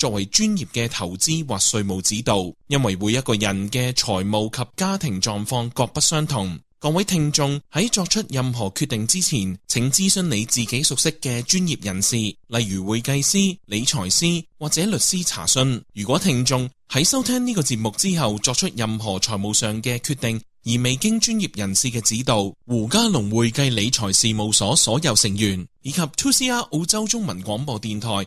作為專業嘅投資或稅務指導，因為每一個人嘅財務及家庭狀況各不相同。各位聽眾喺作出任何決定之前，請諮詢你自己熟悉嘅專業人士，例如會計師、理財師或者律師查詢。如果聽眾喺收聽呢個節目之後作出任何財務上嘅決定，而未經專業人士嘅指導，胡嘉龍會計理財事務所所有成員以及 2CR 澳洲中文廣播電台。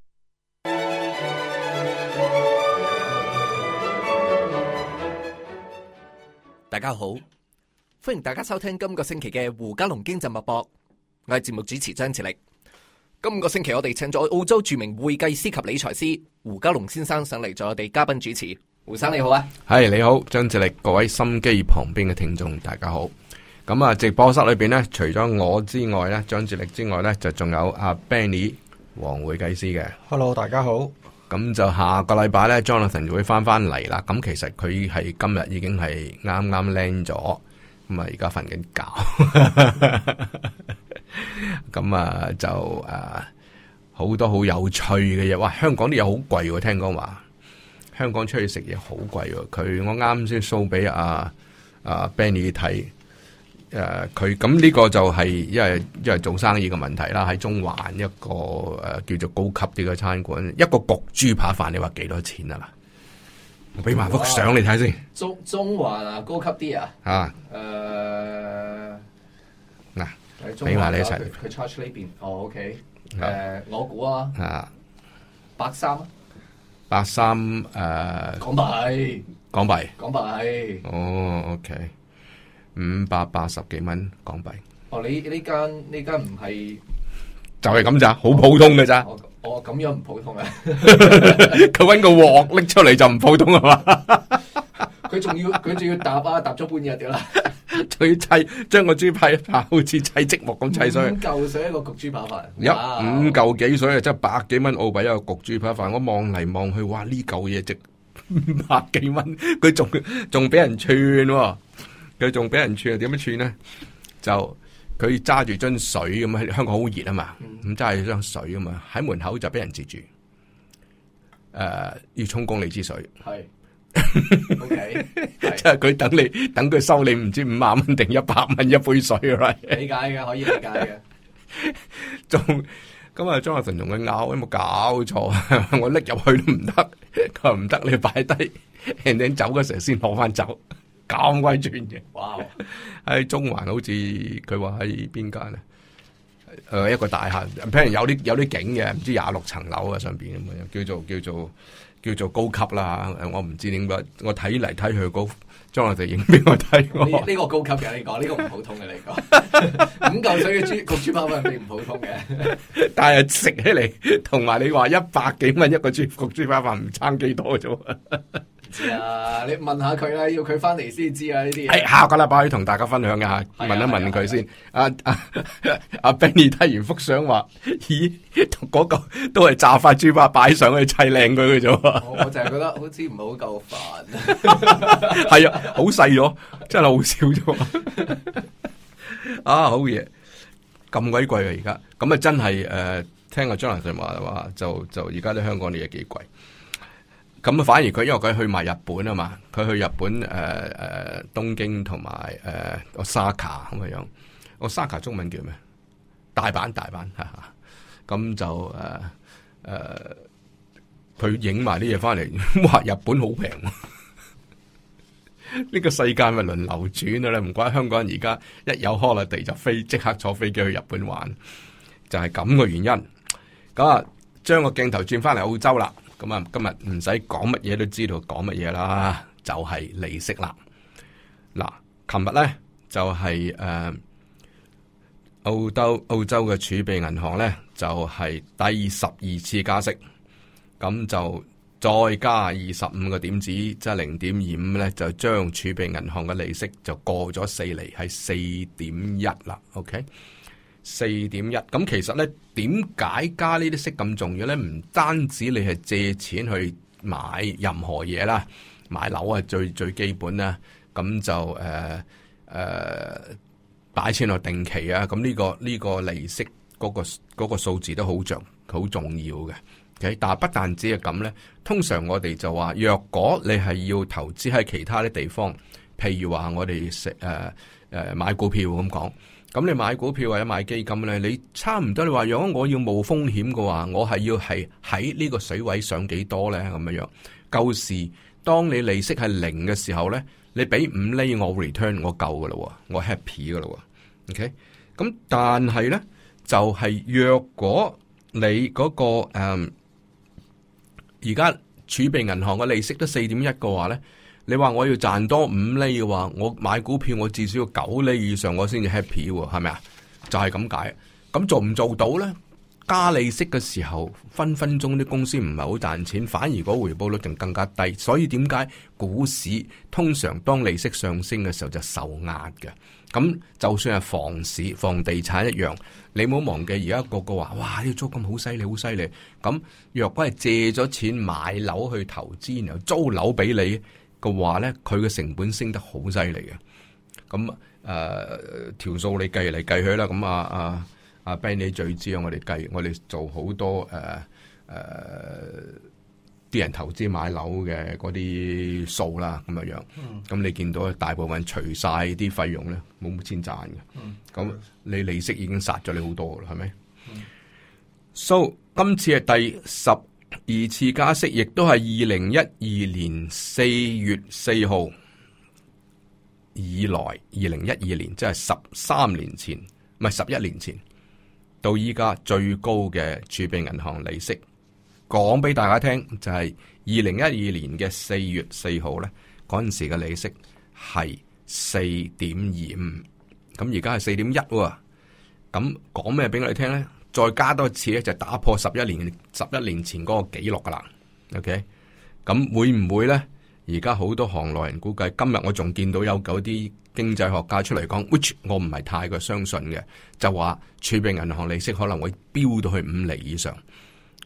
大家好，歡迎大家收聽今個星期嘅胡嘉龍經濟脈搏，我係節目主持張志力。今個星期我哋請咗澳洲著名會計師及理財師胡嘉龍先生上嚟做我哋嘉賓主持。胡生你好啊。係，你好，張志力，各位心機旁邊嘅聽眾大家好。咁啊，直播室裏邊呢，除咗我之外呢，張志力之外呢，就仲有阿 Benny 王會計師嘅。Hello，大家好。咁就下個禮拜咧，Jonathan 就會翻翻嚟啦。咁其實佢係今日已經係啱啱 land 咗，咁啊，而家瞓緊覺。咁 啊就誒好多好有趣嘅嘢，哇！香港啲嘢好貴喎，聽講話香港出去食嘢好貴喎。佢我啱先 show 俾阿阿 Benny 睇。誒，佢咁呢個就係因為因為做生意嘅問題啦，喺中環一個誒、呃、叫做高級啲嘅餐館，一個焗豬扒飯你話幾多錢啊？啦哇，我俾埋幅相你睇先。中中環啊，高級啲啊。啊，誒、啊，嗱、啊，俾埋你一齊。佢 charge 呢邊，哦，OK。誒，我估啊，啊，八三幣，八三誒，港幣幣，港幣、哦，港幣。哦，OK。五百八十幾蚊港幣。哦，你呢間呢間唔係就係咁咋，好我普通嘅咋。哦，咁樣唔普通啊！佢 搵 個鑊拎出嚟就唔普通啊嘛？佢 仲要佢仲要搭巴搭咗半日嘅啦。佢砌將個豬排啊， 排好似砌積木咁砌上去。五舊水一個焗豬扒飯，一五舊幾水啊，即係百幾蚊澳幣一個焗豬扒飯。我望嚟望去，哇！呢舊嘢值五百幾蚊，佢仲仲俾人串啊。佢仲俾人串，又點樣串咧？就佢揸住樽水咁，香港好熱啊嘛，咁揸住樽水噶嘛，喺門口就俾人截住。誒、呃，要充公你支水。係，O K。即係佢等你， 等佢收你唔知五萬蚊定一百蚊一杯水啦。Right? 理解嘅，可以理解嘅。仲咁啊，張阿陳同佢拗，有冇搞錯啊？ 我拎入去都唔得，佢話唔得，你擺低人哋走嗰時先攞翻走。咁鬼尊嘅，哇！喺 Wow. 中環好似佢話喺邊間啊？誒、呃，一個大廈，譬如有啲有啲景嘅，唔知廿六層樓啊上邊咁樣，叫做叫做叫做高級啦吓。我唔知點解，我睇嚟睇去，高將我就影俾我睇。呢、這個高級嘅你講，呢 個唔普通嘅你講， 五嚿水嘅豬焗豬扒飯係唔普通嘅。 但係食起嚟，同埋你話一百幾蚊一個豬焗豬扒飯，唔差幾多啫。啊！Yeah, 你問下佢啦，要佢翻嚟先知啊！呢啲係下個禮拜可以同大家分享一下，啊、問一問佢先。阿阿 Benny 睇完幅相話：咦，嗰、那個都係炸塊磚塊擺上去砌靚佢嘅啫，我我就係覺得好似唔係好夠煩。係 啊， 啊，好細咗，真係好少咗。啊，好嘢！咁鬼貴啊！而家咁啊，真係誒，聽阿張蘭順話話，就就而家啲香港啲嘢幾貴。咁反而佢，因為佢去埋日本啊嘛，佢去日本誒誒、呃、東京同埋誒個沙卡咁嘅樣，個沙卡中文叫咩？大阪，大阪吓，咁就誒誒，佢影埋啲嘢翻嚟，哇！日本好平，啊，呢、這個世界咪輪流轉嘅咧，唔怪香港人而家一有 holiday 就飛，即刻坐飛機去日本玩，就係咁嘅原因。咁啊，將個鏡頭轉翻嚟澳洲啦。咁啊，今日唔使講乜嘢都知道講乜嘢啦，就係、是、利息啦。嗱，琴日咧就係、是、誒、呃，澳洲澳洲嘅儲備銀行咧就係、是、第十二次加息，咁就再加二十五個點子，即係零點二五咧，就將儲備銀行嘅利息就過咗四厘，係四點一啦。OK。四點一咁，1 1, 其實咧點解加呢啲息咁重要咧？唔單止你係借錢去買任何嘢啦，買樓啊最最基本啦、啊，咁就誒誒、呃呃、擺錢落定期啊，咁呢、這個呢、這個利息嗰、那個嗰、那個、數字都好重好重要嘅。OK，但係不但止係咁咧，通常我哋就話若果你係要投資喺其他啲地方，譬如話我哋食誒誒買股票咁講。咁你買股票或者買基金咧，你差唔多你話如果我要冒風險嘅話，我係要係喺呢個水位上幾多咧咁樣樣。舊時當你利息係零嘅時候咧，你俾五厘我 return 我夠噶啦，我 happy 噶啦。OK，咁但係咧就係、是、若果你嗰、那個誒而家儲備銀行嘅利息都四點一嘅話咧，你話我要賺多五厘嘅話，我買股票我至少要九厘以上我先至 happy 喎，係咪啊？就係咁解。咁做唔做到咧？加利息嘅時候，分分鐘啲公司唔係好賺錢，反而個回報率仲更加低。所以點解股市通常當利息上升嘅時候就受壓嘅？咁就算係房市、房地產一樣，你唔好忘記而家個個話哇呢租金好犀利，好犀利。咁若果係借咗錢買樓去投資，然後租樓俾你。嘅話咧，佢嘅成本升得好犀利嘅，咁誒條數你計嚟計去啦，咁、嗯、啊啊啊，阿 Ben 你最知我哋計，我哋做好多誒誒啲人投資買樓嘅嗰啲數啦，咁樣樣，咁、嗯嗯嗯、你見到大部分除晒啲費用咧，冇冇錢賺嘅，咁你利息已經殺咗你好多啦，係咪、嗯、？So 今次係第十。二次加息亦都係二零一二年四月四號以來，二零一二年即係十三年前，唔係十一年前，到依家最高嘅儲備銀行利息，講俾大家聽就係二零一二年嘅四月四號咧，嗰陣時嘅利息係四點二五，咁而家係四點一喎，咁講咩俾我哋聽咧？再加多一次咧，就是，打破十一年十一年前嗰個紀錄噶啦。OK，咁會唔會咧？而家好多行內人估計，今日我仲見到有嗰啲經濟學家出嚟講，which 我唔係太過相信嘅，就話儲備銀行利息可能會飆到去五厘以上。誒、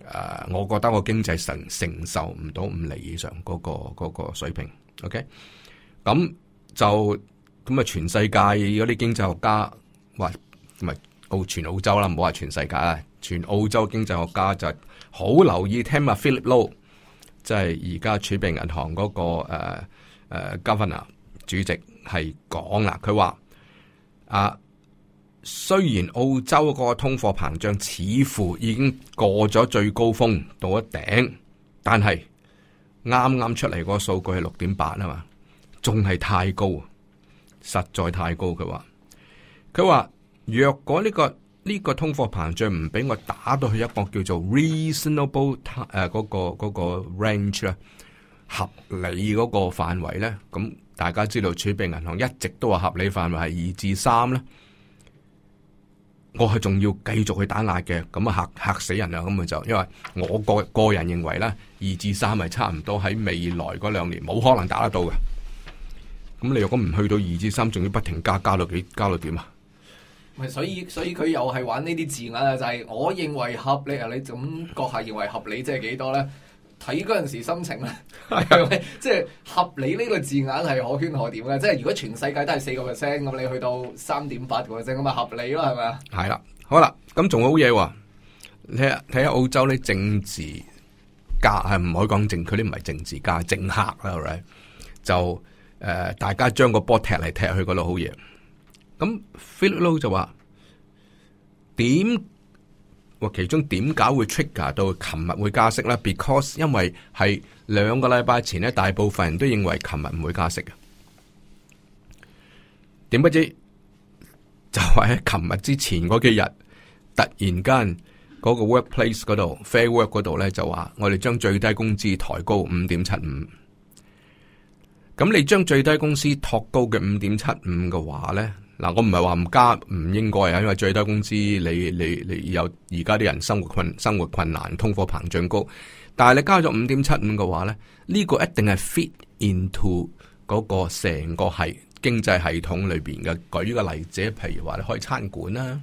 呃，我覺得我經濟承承受唔到五厘以上嗰，嗰個、嗰個水平。OK，咁就咁啊！全世界而家啲經濟學家話唔澳全澳洲啦，唔好話全世界啊！全澳洲經濟學家就好留意聽埋 Philip Lowe 即係而家儲備銀行嗰個誒誒、uh, uh, Governor 主席係講啊，佢話啊，雖然澳洲嗰個通貨膨脹似乎已經過咗最高峰到一頂，但係啱啱出嚟嗰個數據係六點八啊嘛，仲係太高，實在太高。佢話佢話。若果呢個呢個通貨膨脹唔俾我打到去一個叫做 reasonable 誒、呃、嗰個嗰個 range 啊，合理嗰個範圍咧，咁大家知道儲備銀行一直都話合理範圍係二至三咧，我係仲要繼續去打壓嘅，咁啊吓吓死人啦！咁咪就因為我個個人認為咧，二至三係差唔多喺未來嗰兩年冇可能打得到嘅。咁你若果唔去到二至三，仲要不停加加到幾加到點啊？唔係，所以所以佢又係玩呢啲字眼啊！就係、是、我認為合理啊，你咁閣下認為合理即係幾多咧？睇嗰陣時心情咧，即係 合理呢個字眼係可圈可點嘅。即、就、係、是、如果全世界都係四個 percent 咁，你去到三點八個 percent 咁啊，合理咯，係咪啊？係啦，好啦，咁仲好嘢喎！睇睇下澳洲呢，政治家係唔可以講政，佢啲唔係政治家，政客啦，係、right? 咪？就、呃、誒，大家將個波踢嚟踢去嗰度好嘢。咁 Philip Low 就話點或其中點解會 trigger 到琴日會加息咧？Because 因為係兩個禮拜前咧，大部分人都認為琴日唔會加息嘅。點不知就喺琴日之前嗰幾日，突然間嗰個 workplace 嗰度 fair work 嗰度咧就話，我哋將最低工資抬高五點七五。咁你將最低工資托高嘅五點七五嘅話咧？嗱、啊，我唔係話唔加唔應該啊，因為最低工資你你你，你有而家啲人生活困生活困難，通貨膨脹高，但係你加咗五點七五嘅話咧，呢、呢個一定係 fit into 嗰個成個係經濟系統裏邊嘅。舉個例子，譬如話你開餐館啦，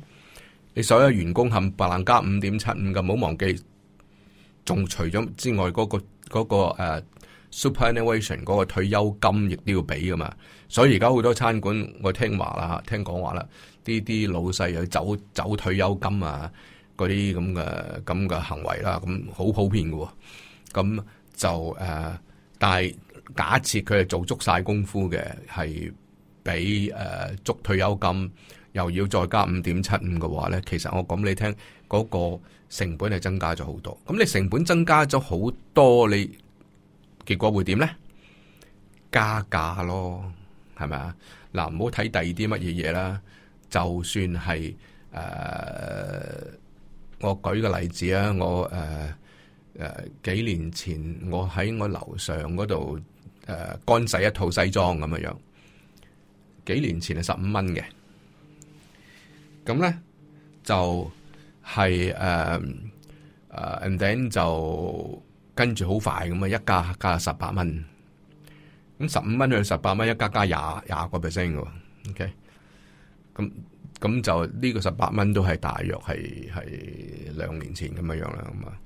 你所有員工冚唪唥加五點七五嘅，唔好忘記，仲除咗之外嗰、嗰個、嗰個誒。嗰個 uh, superannuation 嗰個退休金亦都要俾㗎嘛，所以而家好多餐館我聽話啦，聽講話啦，呢啲老細又走走退休金啊，嗰啲咁嘅咁嘅行為啦，咁好普遍嘅喎、哦，咁就誒、呃，但係假設佢係做足晒功夫嘅，係俾誒足退休金，又要再加五點七五嘅話咧，其實我講你聽，嗰、那個成本係增加咗好多，咁你成本增加咗好多，你。結果會點呢？加價咯，係咪啊？嗱，唔好睇第二啲乜嘢嘢啦。就算係誒、呃，我舉個例子啊，我誒誒、呃、幾年前我喺我樓上嗰度誒乾洗一套西裝咁樣樣。幾年前係十五蚊嘅，咁咧就係誒誒，and then 就。跟住好快咁啊，一加加十八蚊，咁十五蚊去十八蚊，一加加廿廿、okay? 個 percent 嘅，ok，咁咁就呢個十八蚊都係大約係係兩年前咁樣樣啦，咁啊，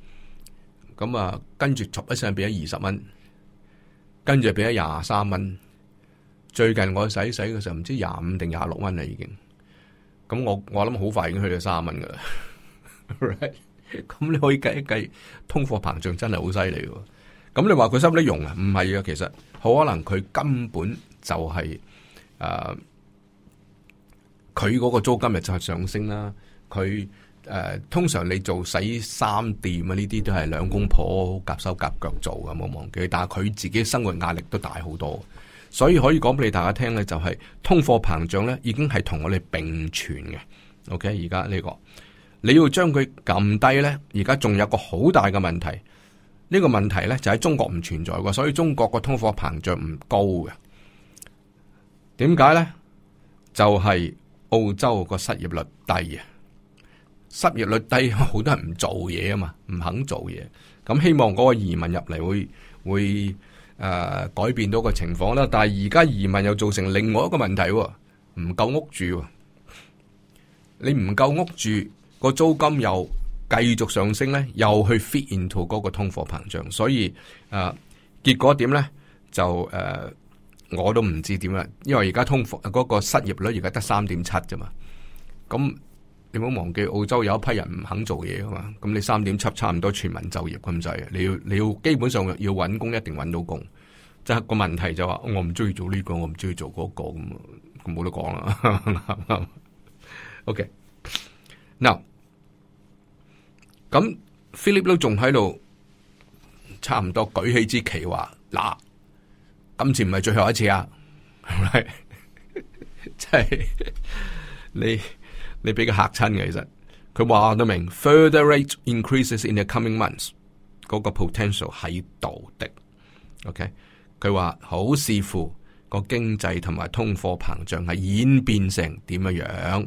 咁啊跟住續一聲畀咗二十蚊，跟住畀咗廿三蚊，最近我使使嘅時候唔知廿五定廿六蚊啦已經，咁我我諗好快已經去到三蚊噶啦。 right? 咁你可以計一計，通貨膨脹真係好犀利喎。咁你話佢收冇得用啊？唔係啊，其實好可能佢根本就係、是、誒，佢、呃、嗰個租金日就係上升啦。佢誒、呃，通常你做洗衫店啊，呢啲都係兩公婆夾手夾腳做嘅，冇忘記。但係佢自己生活壓力都大好多，所以可以講俾你大家聽、就、咧、是，就係通貨膨脹咧，已經係同我哋並存嘅。OK，而家呢個。你要將佢撳低咧，而家仲有個好大嘅問題，呢、這個問題咧就喺中國唔存在嘅，所以中國個通貨膨脹唔高嘅。點解咧？就係、是、澳洲個失業率低啊，失業率低，好多人唔做嘢啊嘛，唔肯做嘢。咁希望嗰個移民入嚟會會誒、呃、改變到個情況啦。但係而家移民又造成另外一個問題，唔夠屋住。你唔夠屋住？個租金又繼續上升咧，又去 fit into 嗰個通貨膨脹，所以誒、呃、結果點咧就誒、呃、我都唔知點啦，因為而家通貨嗰、那個失業率而家得三點七啫嘛，咁你冇忘記澳洲有一批人唔肯做嘢噶嘛，咁你三點七差唔多全民就業咁滯，你要你要基本上要揾工一定揾到工，即係個問題就話我唔中意做呢、這個，我唔中意做嗰、那個咁啊，冇得講啦。O K。Now，咁 Philip 都仲喺度，差唔多舉起支旗話，嗱，今次唔係最後一次啊，係咪？即係你你俾佢吓親嘅，其實佢話都明，further rate increases in the coming months 嗰個 potential 喺度的，OK？佢話好視乎個經濟同埋通貨膨脹係演變成點樣樣。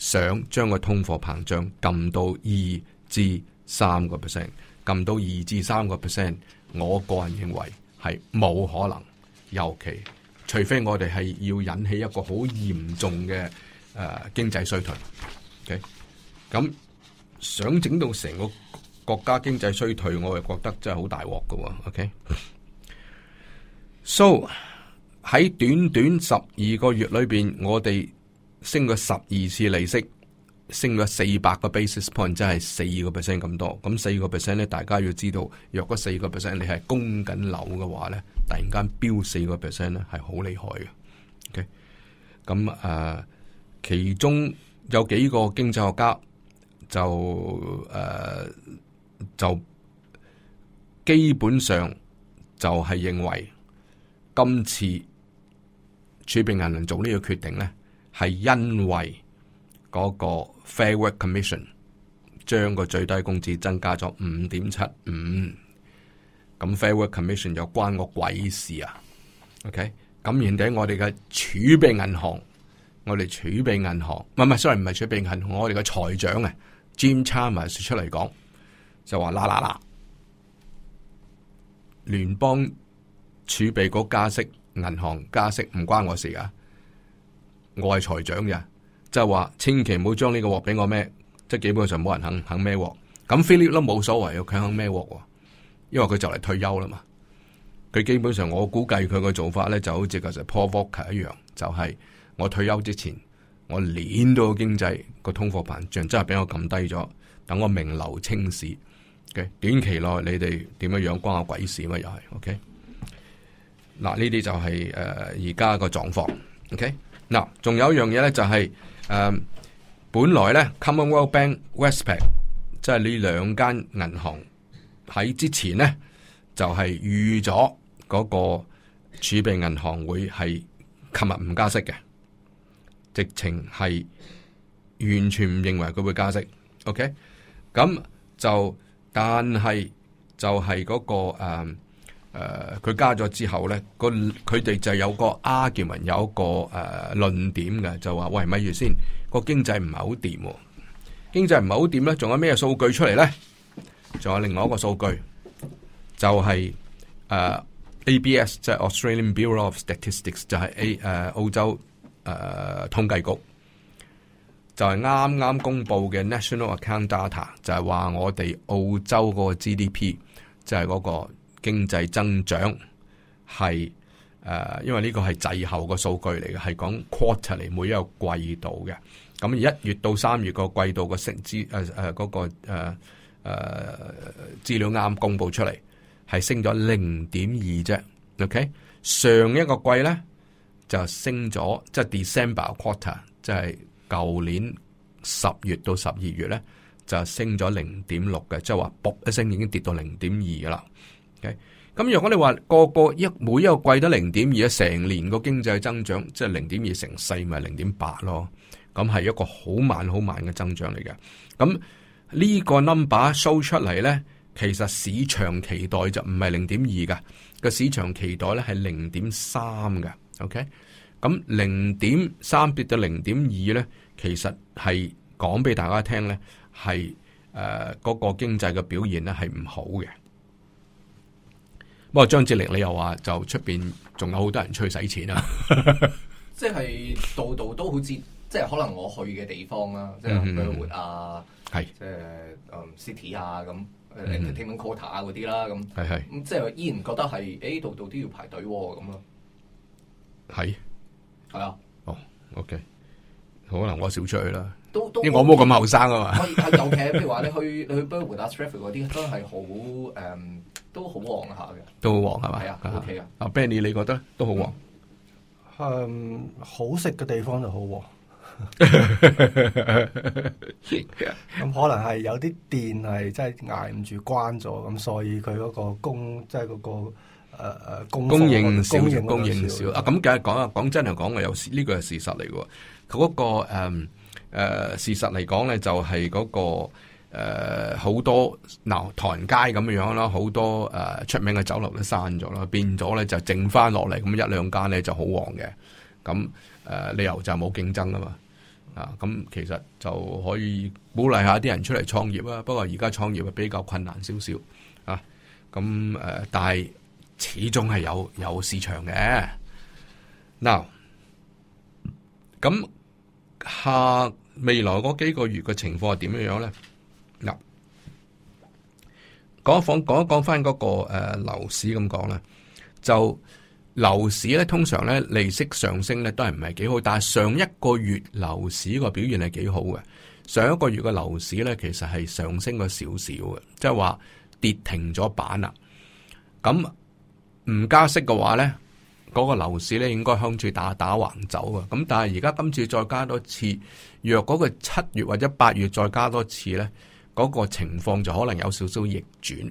想將個通貨膨脹撳到二至三個 percent，撳到二至三個 percent，我個人認為係冇可能，尤其除非我哋係要引起一個好嚴重嘅誒、呃、經濟衰退。ok，咁想整到成個國家經濟衰退，我係覺得真係好大鑊噶。ok，so、okay? 喺短短十二個月裏邊，我哋。升咗十二次利息，升咗四百個 basis point，即係四個 percent 咁多。咁四個 percent 咧，大家要知道，若果四個 percent 你係供緊樓嘅話咧，突然間飆四個 percent 咧，係好厲害嘅。OK，咁誒、呃，其中有幾個經濟學家就誒、呃、就基本上就係認為，今次儲備銀行做呢個決定咧。係因為嗰個 Fair Work Commission 將個最低工資增加咗五點七五，咁 Fair Work Commission 又關我鬼事啊？OK，咁然者我哋嘅儲備銀行，我哋儲備銀行唔係唔係 sorry 唔係儲備銀行，我哋嘅財長啊 Jim Chalmers 出嚟講就話啦啦啦，聯邦儲備局加息，銀行加息唔關我事噶啊。外財長嘅，即係話千祈唔好將呢個鑊俾我孭，即係基本上冇人肯肯孭鑊。咁 Philip 都冇所謂，佢肯孭鑊，因為佢就嚟退休啦嘛。佢基本上我估計佢個做法咧，就好似其實 Paul Volcker 一樣，就係我退休之前，我捻到個經濟個通貨膨脹真係俾我撳低咗，等我名留青史。嘅 OK? 短期內你哋點樣樣關我鬼事啊？又係，OK。嗱，呢啲就係誒而家個狀況，OK。嗱，仲有一樣嘢咧，就係、是、誒、呃，本來咧 Commonwealth Bank、Westpac，即係呢兩間銀行喺之前咧，就係、是、預咗嗰個儲備銀行會係琴日唔加息嘅，直情係完全唔認為佢會加息。OK，咁就但係就係嗰、那個、呃誒佢、啊、加咗之後咧，個佢哋就有個 argument，有一個誒、啊、論點嘅，就話喂，咪住先個經濟唔係好掂喎，經濟唔係好掂咧，仲、啊、有咩數據出嚟咧？仲有另外一個數據就係、是、誒、啊、ABS，即係 Australian Bureau of Statistics，就係 A 誒、啊、澳洲誒、啊、統計局，就係啱啱公佈嘅 National Account Data，就係話我哋澳洲嗰、那個 GDP 就係嗰個。經濟增長係誒、呃，因為呢個係滯後個數據嚟嘅，係講 quarter 嚟，每一個季度嘅。咁一月到三月個季度個資、呃那個呃呃、資升資誒誒嗰個誒誒料啱公布出嚟，係升咗零點二啫。OK，上一個季咧就升咗，即、就、係、是、December quarter，即係舊年十月到十二月咧就升咗零點六嘅，即係話卜一聲已經跌到零點二嘅啦。咁、okay? 如果你話個個一個每一個季得零點二，成年個經濟增長即係零點二乘四，咪零點八咯。咁係一個好慢、好慢嘅增長嚟嘅。咁呢個 number show 出嚟咧，其實市場期待就唔係零點二嘅，個市場期待咧係零點三嘅。OK，咁零點三跌到零點二咧，其實係講俾大家聽咧，係誒嗰個經濟嘅表現咧係唔好嘅。不過張智霖你又話就出邊仲有好多人出去使錢啊， 即係度度都好似，即係可能我去嘅地方啦，即係聚會啊，係、嗯、即係 city 啊咁 entertainment quarter 啊嗰啲啦咁，係係即係依然覺得係誒度度都要排隊咁咯，係係啊，哦，OK，可能我少出去啦。都我冇咁後生啊嘛。可以喺舊譬如話咧去你去，比如換 t 嗰啲都係好誒，都好旺下嘅，都好旺係咪係啊？OK 啊。阿 Benny 你覺得都好旺。嗯 um, 好食嘅地方就好旺。咁、 嗯、可能係有啲店係真係挨唔住關咗，咁所以佢嗰個供，即係嗰個誒誒供供應少，供應少, 少啊。咁梗係講啊，講真嚟講我有呢個係事實嚟嘅。佢嗰個誒。誒、呃，事實嚟講咧、那個，就係嗰個誒，好多嗱、呃，唐人街咁樣樣啦，好多誒、呃，出名嘅酒樓都閂咗啦，變咗咧就剩翻落嚟，咁一兩間咧就好旺嘅。咁、嗯、誒、呃，理由就係冇競爭啊嘛。啊，咁、嗯、其實就可以鼓勵下啲人出嚟創業啦。不過而家創業比較困難少少啊。咁、嗯、誒、呃，但係始終係有有市場嘅。嗱、啊，咁、嗯嗯嗯嗯、下。未來嗰幾個月嘅情況係點樣樣咧？嗱，講一講，講一講翻嗰個誒、呃、樓市咁講啦，就樓市咧通常，咧利息上升咧都係唔係幾好，但係上一個月樓市個表現係幾好嘅。上一個月嘅樓市咧其實係上升咗少少嘅，即係話跌停咗板啦。咁唔加息嘅話咧？嗰個樓市咧應該向住打打橫走嘅，咁但係而家今次再加多次，若嗰個七月或者八月再加多次咧，嗰、嗰個情況就可能有少少逆轉。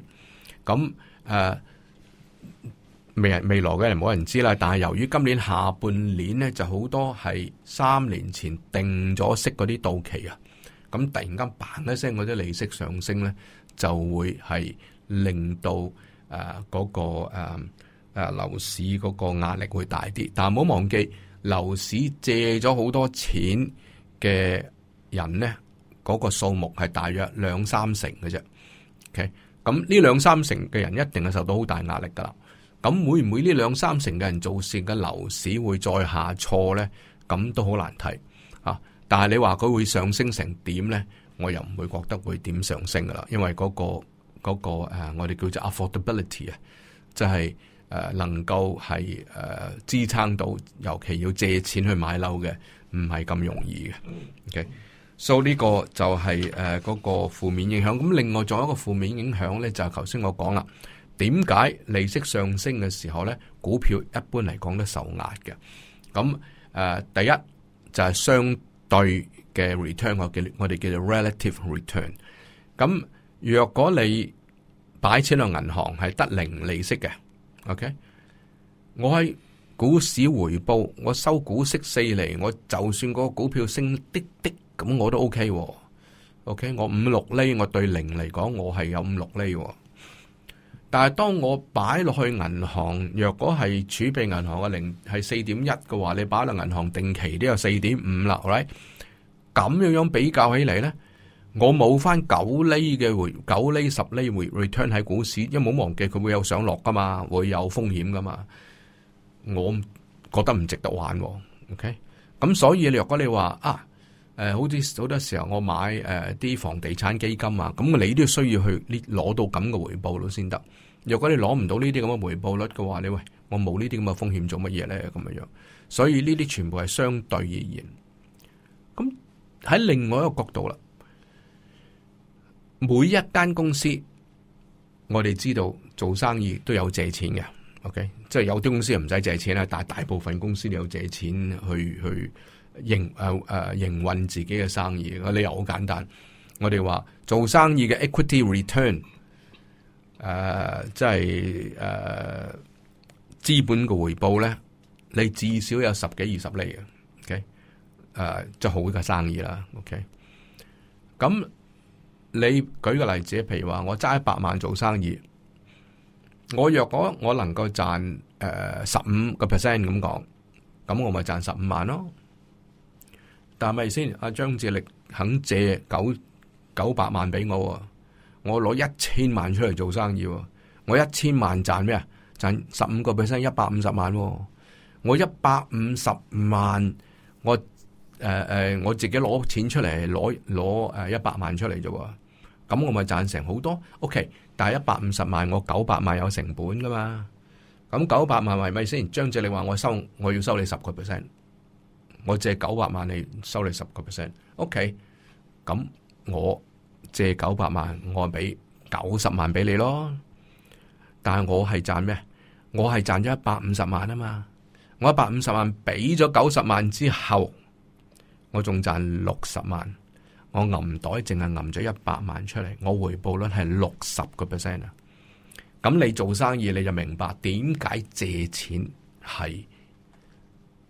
咁誒、啊、未，未來未來嘅人冇人知啦，但係由於今年下半年呢，就好多係三年前定咗息嗰啲到期啊，咁突然間嘭一聲嗰啲利息上升咧，就會係令到誒嗰、啊那個、啊誒，樓市嗰個壓力會大啲，但係唔好忘記，樓市借咗好多錢嘅人呢，嗰個數目係大約兩三成嘅啫。OK，咁呢兩三成嘅人一定係受到好大壓力噶啦。咁會唔會呢兩三成嘅人做善嘅樓市會再下挫呢？咁都好難睇啊！但係你話佢會上升成點呢？我又唔會覺得會點上升噶啦，因為嗰個嗰個誒，我哋叫做 affordability 啊，就係。誒，能夠係誒支撐到，尤其要借錢去買樓嘅，唔係咁容易嘅。OK，so 呢個就係誒嗰個負面影響。咁另外仲有一個負面影響咧，就係頭先我講啦，點解利息上升嘅時候咧，股票一般嚟講都受壓嘅。咁誒，第一就係相對嘅 return，我叫我哋叫做 relative return。咁若果你擺錢喺銀行係得零利息嘅。OK，我喺股市回報，我收股息四厘，我就算個股票升啲啲咁，我都 OK 喎。OK，我五六厘，我對零嚟講，我係有五六厘喎。但係當我擺落去銀行，若果係儲備銀行嘅零係四點一嘅話，你擺落銀行定期都有四點五啦，Alright，咁樣樣比較起嚟咧？我冇翻九厘嘅回九厘十厘回 return 喺股市，因為冇忘記佢會有上落噶嘛，會有風險噶嘛。我覺得唔值得玩。OK，咁所以，你若果你話啊，誒、呃，好似好多時候我買誒啲、呃、房地產基金啊，咁你都需要去呢攞到咁嘅回報率先得。若果你攞唔到呢啲咁嘅回報率嘅話，你喂我冇呢啲咁嘅風險做乜嘢咧？咁樣樣，所以呢啲全部係相對而言。咁喺另外一個角度啦。每一間公司，我哋知道做生意都有借錢嘅，OK，即係有啲公司唔使借錢啦，但係大部分公司都有借錢去去營誒誒營運自己嘅生意，個理由好簡單，我哋話做生意嘅 equity return，誒即係誒資本嘅回報咧，你至少有十幾二十厘嘅，OK，誒、呃、就好嘅生意啦，OK，咁。你舉個例子，譬如話我揸一百萬做生意，我若果我能夠賺誒十五個 percent 咁講，咁我咪賺十五萬咯。但係咪先？阿張智力肯借九九百萬俾我，我攞一千萬出嚟做生意，我一千萬賺咩啊？賺十五個 percent，一百五十萬。我一百五十萬，我誒誒，我自己攞錢出嚟，攞攞誒一百萬出嚟啫。咁我咪賺成好多？OK，但係一百五十萬我九百萬有成本噶嘛？咁九百萬係咪先？張姐你話我收，我要收你十個 percent，我借九百萬你收你十個 percent。O K，咁我借九百萬，我俾九十萬俾你咯。但係我係賺咩？我係賺咗一百五十萬啊嘛！我一百五十萬俾咗九十萬之後，我仲賺六十萬。我銀袋淨係揞咗一百萬出嚟，我回報率係六十個 percent 啊！咁你做生意你就明白點解借錢係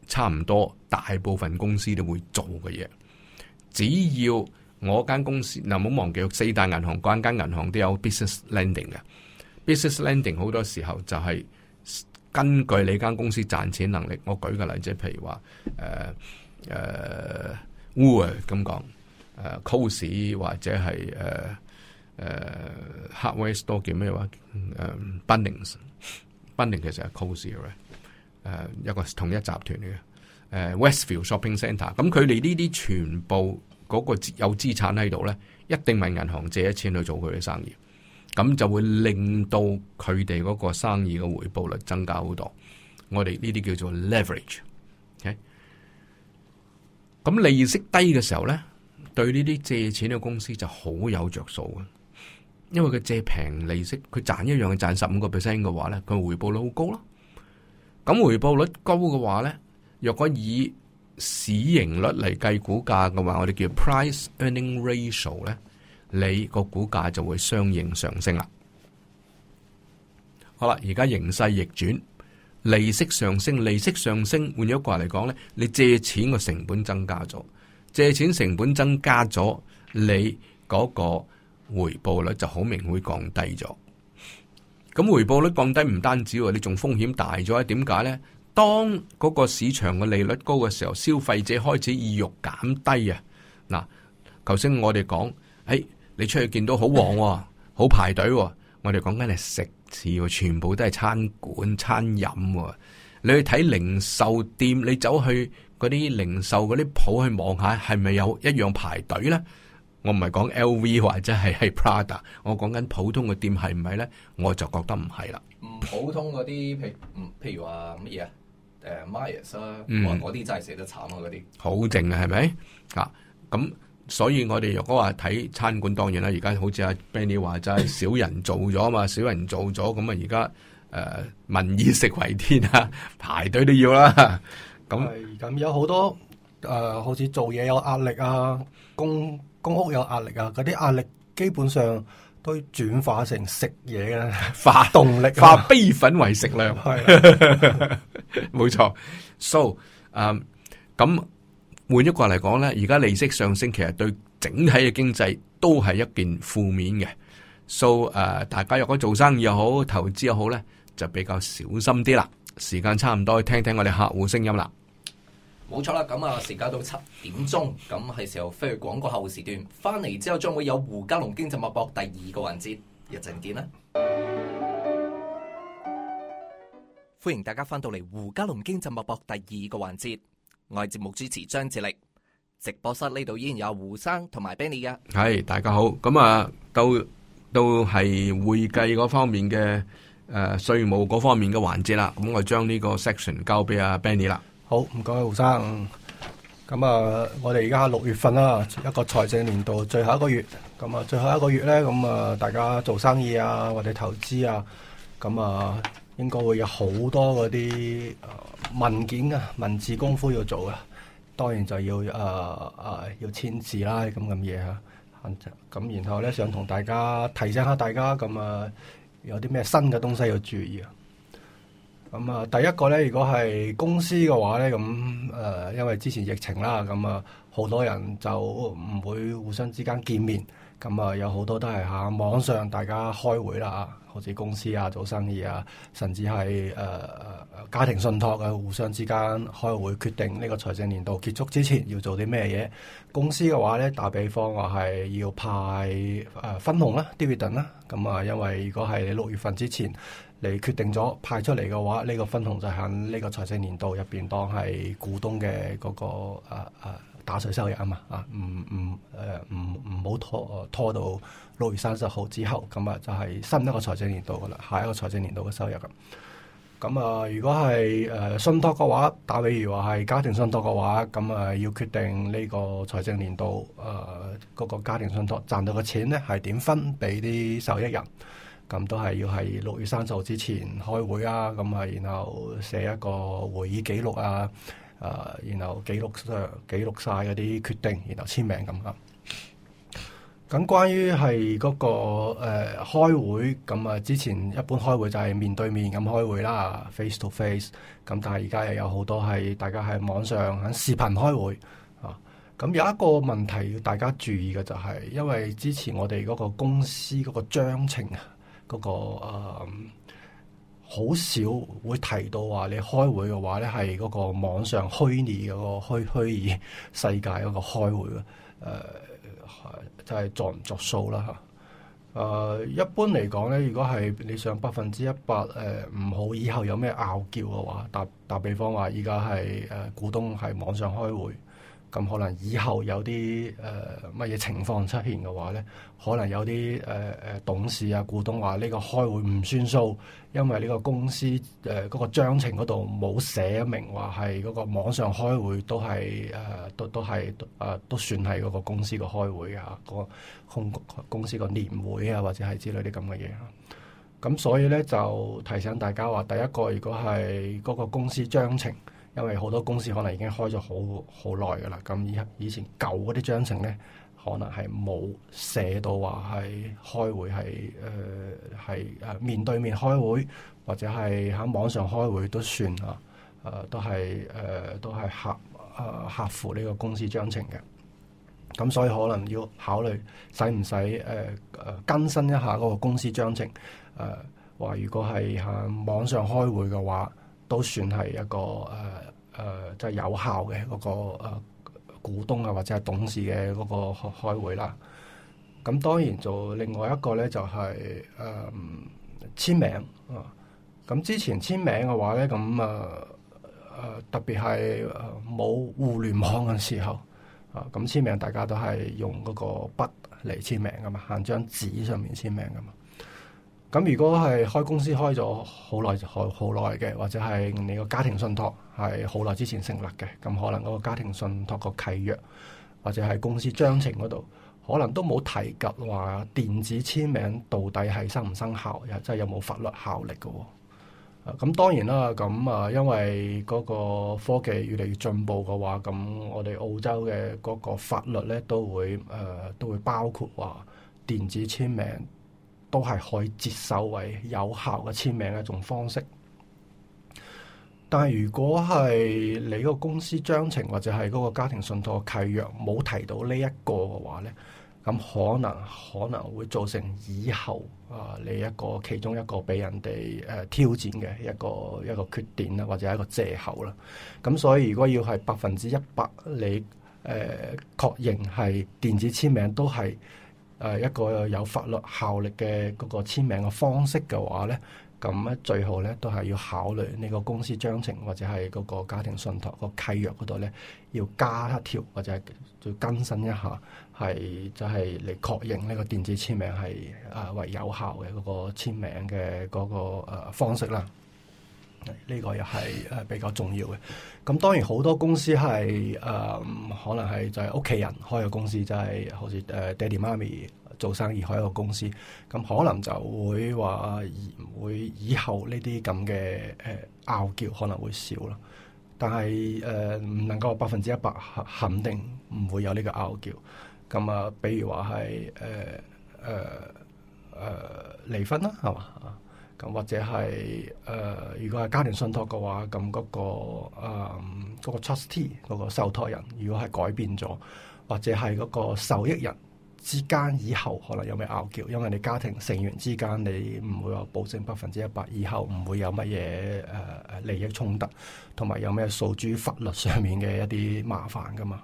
差唔多大部分公司都會做嘅嘢。只要我間公司，嗱唔好忘記四大銀行，嗰間銀行都有 business lending 嘅 business lending，好多時候就係根據你間公司賺錢能力。我舉個例子，譬如話誒誒 o 誒咁講。呃呃誒、uh, Coles 或者係誒誒 Hardware 多叫咩話？誒、um，Bunnings，Bunnings 其實係 Coles 嘅，誒，一個統一集團嚟嘅。誒、uh，Westfield Shopping Centre，e 咁佢哋呢啲全部嗰個有資產喺度咧，一定問銀行借一千去做佢嘅生意，咁就會令到佢哋嗰個生意嘅回報率增加好多。我哋呢啲叫做 leverage、okay？咁利息低嘅時候咧？對呢啲借錢嘅公司就好有着數嘅，因為佢借平利息，佢賺一樣係賺十五個 percent 嘅話咧，佢回報率好高咯。咁回報率高嘅話咧，若果以市盈率嚟計股價嘅話，我哋叫 price earning ratio 咧，你個股價就會相應上升啦。好啦，而家形勢逆轉，利息上升，利息上升，換咗一個嚟講咧，你借錢個成本增加咗。借錢成本增加咗，你嗰個回報率就好明顯會降低咗。咁回報率降低唔單止，你仲風險大咗。點解呢？當嗰個市場嘅利率高嘅時候，消費者開始意欲減低啊！嗱，頭先我哋講，誒，你出去見到好旺，啊，好排隊，啊。我哋講緊係食肆，啊，全部都係餐館、餐飲，啊。你去睇零售店，你走去。嗰啲、yup. 零售嗰啲鋪去望下，係咪有一樣排隊咧？我唔係講 L V 或者係係 Prada，我講緊普通嘅店係唔係咧？我就覺得唔係啦。普通嗰啲，譬如譬如話乜嘢啊？誒，Mayer 啊，我啲真係死得慘啊！嗰啲好正啊，係咪啊？咁所以我哋若果話睇餐館，當然啦，而家好似阿 Benny 話齋係少人做咗啊嘛，少人做咗，咁啊而家誒，民以食為天啊，排隊都要啦。咁係咁，那有好多誒、呃，好似做嘢有壓力啊，供供屋有壓力啊，嗰啲壓力基本上都轉化成食嘢嘅化動力化，化悲憤為食量。係，冇錯。So 誒、呃，咁換一個嚟講咧，而家利息上升，其實對整體嘅經濟都係一件負面嘅。So 誒、呃，大家如果做生意又好，投資又好咧，就比較小心啲啦。時間差唔多，聽聽，聽我哋客戶聲音啦。冇錯啦，咁啊，時間到七點鐘，咁係時候飛去廣告後時段。翻嚟之後，將會有胡嘉龍經濟脈搏第二個環節，一陣見啦。歡迎大家翻到嚟胡嘉龍經濟脈搏第二個環節，我係節目主持張智力，直播室呢度依然有胡生同埋 Benny 嘅。係、hey, 大家好，咁啊，到到係會計嗰方面嘅誒稅務嗰方面嘅環節啦。咁我將呢個 section 交俾阿 Benny 啦。好，唔該，胡生。咁啊，我哋而家六月份啦，一個財政年度最後一個月。咁啊，最後一個月咧，咁啊，大家做生意啊，或者投資啊，咁啊，應該會有好多嗰啲文件啊、文字功夫要做啊。當然就要誒誒、呃啊，要簽字啦，咁咁嘢啊。咁然後咧，想同大家提醒下大家，咁啊，有啲咩新嘅東西要注意啊？咁啊、嗯，第一個咧，如果係公司嘅話咧，咁誒、呃，因為之前疫情啦，咁啊，好多人就唔會互相之間見面，咁、呃、啊，有好多都係喺網上大家開會啦啊，好似公司啊，做生意啊，甚至係誒、呃、家庭信託啊，互相之間開會決定呢個財政年度結束之前要做啲咩嘢。公司嘅話咧，打比方話係要派誒、呃、分紅啦，dividend 啦，咁啊、嗯，因為如果係你六月份之前，你決定咗派出嚟嘅話，呢、這個分紅就喺呢個財政年度入邊當係股東嘅嗰、那個誒打稅收入啊嘛啊，唔唔誒唔唔好拖，拖到六月三十號之後，咁、嗯、啊就係、是、新一個財政年度噶啦，下一個財政年度嘅收入咁。咁、嗯、啊，如果係誒、呃、信託嘅話，打比如話係家庭信託嘅話，咁、嗯、啊要決定呢個財政年度誒嗰、呃這個家庭信託賺到嘅錢咧，係點分俾啲受益人？咁都係要喺六月三十號之前開會啊，咁啊，然後寫一個會議記錄啊，誒，然後記錄晒記錄晒嗰啲決定，然後簽名咁吓。咁關於係嗰、那個誒、呃、開會，咁啊之前一般開會就係面對面咁開會啦 ，face to face。咁但係而家又有好多係大家喺網上喺視頻開會啊。咁有一個問題要大家注意嘅就係、是，因為之前我哋嗰個公司嗰個章程啊。嗰個誒好少會提到話，你開會嘅話咧，係嗰個網上虛擬嗰個虛虛擬世界嗰個開會嘅誒，就係作唔作數啦嚇。誒一般嚟講咧，如果係你想百分之一百誒唔好，以後有咩拗撬嘅話，打打比方話，依家係誒股東係網上開會。咁可能以後有啲誒乜嘢情況出現嘅話咧，可能有啲誒誒董事啊、股東話呢個開會唔算數，因為呢個公司誒嗰個章程嗰度冇寫明話係嗰個網上開會都係誒都都係誒都算係嗰個公司嘅開會啊，個控股公司個年會啊或者係之類啲咁嘅嘢。咁所以咧就提醒大家話，第一個如果係嗰個公司章程。因為好多公司可能已經開咗好好耐噶啦，咁以以前舊嗰啲章程咧，可能係冇寫到話係開會係誒係誒面對面開會，或者係喺網上開會都算啊，誒、呃、都係誒、呃、都係合誒、呃、合乎呢個公司章程嘅。咁所以可能要考慮使唔使誒誒更新一下嗰個公司章程誒話，呃、如果係喺網上開會嘅話，都算係一個誒。呃誒即係有效嘅嗰、那個、呃、股東啊，或者係董事嘅嗰個開會啦。咁、嗯、當然就另外一個咧，就係、是、誒、呃、簽名啊。咁之前簽名嘅話咧，咁啊誒特別係冇、呃、互聯網嘅時候啊，咁、嗯、簽名大家都係用嗰個筆嚟簽名噶嘛，行張紙上面簽名噶嘛。咁如果係開公司開咗好耐好耐嘅，或者係你個家庭信託係好耐之前成立嘅，咁可能嗰個家庭信託個契約或者係公司章程嗰度，可能都冇提及話電子簽名到底係生唔生效，又即係有冇法律效力嘅喎。咁當然啦，咁啊，因為嗰個科技越嚟越進步嘅話，咁我哋澳洲嘅嗰個法律咧都會誒、呃、都會包括話電子簽名。都係可以接受為有效嘅簽名嘅一種方式，但係如果係你個公司章程或者係嗰個家庭信託契約冇提到呢一個嘅話呢，咁可能可能會造成以後啊，你一個其中一個俾人哋誒、呃、挑戰嘅一個一個缺點啦，或者一個借口啦。咁所以如果要係百分之一百你誒、呃、確認係電子簽名都係。誒一個有法律效力嘅嗰個簽名嘅方式嘅話咧，咁咧最好咧都係要考慮呢個公司章程或者係嗰個家庭信託個契約嗰度咧，要加一條或者要更新一下，係就係嚟確認呢個電子簽名係誒為有效嘅嗰個簽名嘅嗰個方式啦。呢個又係誒比較重要嘅。咁當然好多公司係誒、呃，可能係就係屋企人開嘅公司，就係、是、好似誒爹哋媽咪做生意開一個公司，咁可能就會話會以後呢啲咁嘅誒拗撬可能會少咯，但係誒唔能夠百分之一百肯定唔會有呢個拗撬，咁啊、呃，比如話係誒誒誒離婚啦，係嘛？咁或者係誒、呃，如果係家庭信託嘅話，咁嗰、那個誒、嗯那個、trustee 嗰個受託人，如果係改變咗，或者係嗰個受益人之間以後可能有咩拗撬，因為你家庭成員之間你唔會話保證百分之一百，以後唔會有乜嘢誒利益衝突，同埋有咩訴諸法律上面嘅一啲麻煩噶嘛。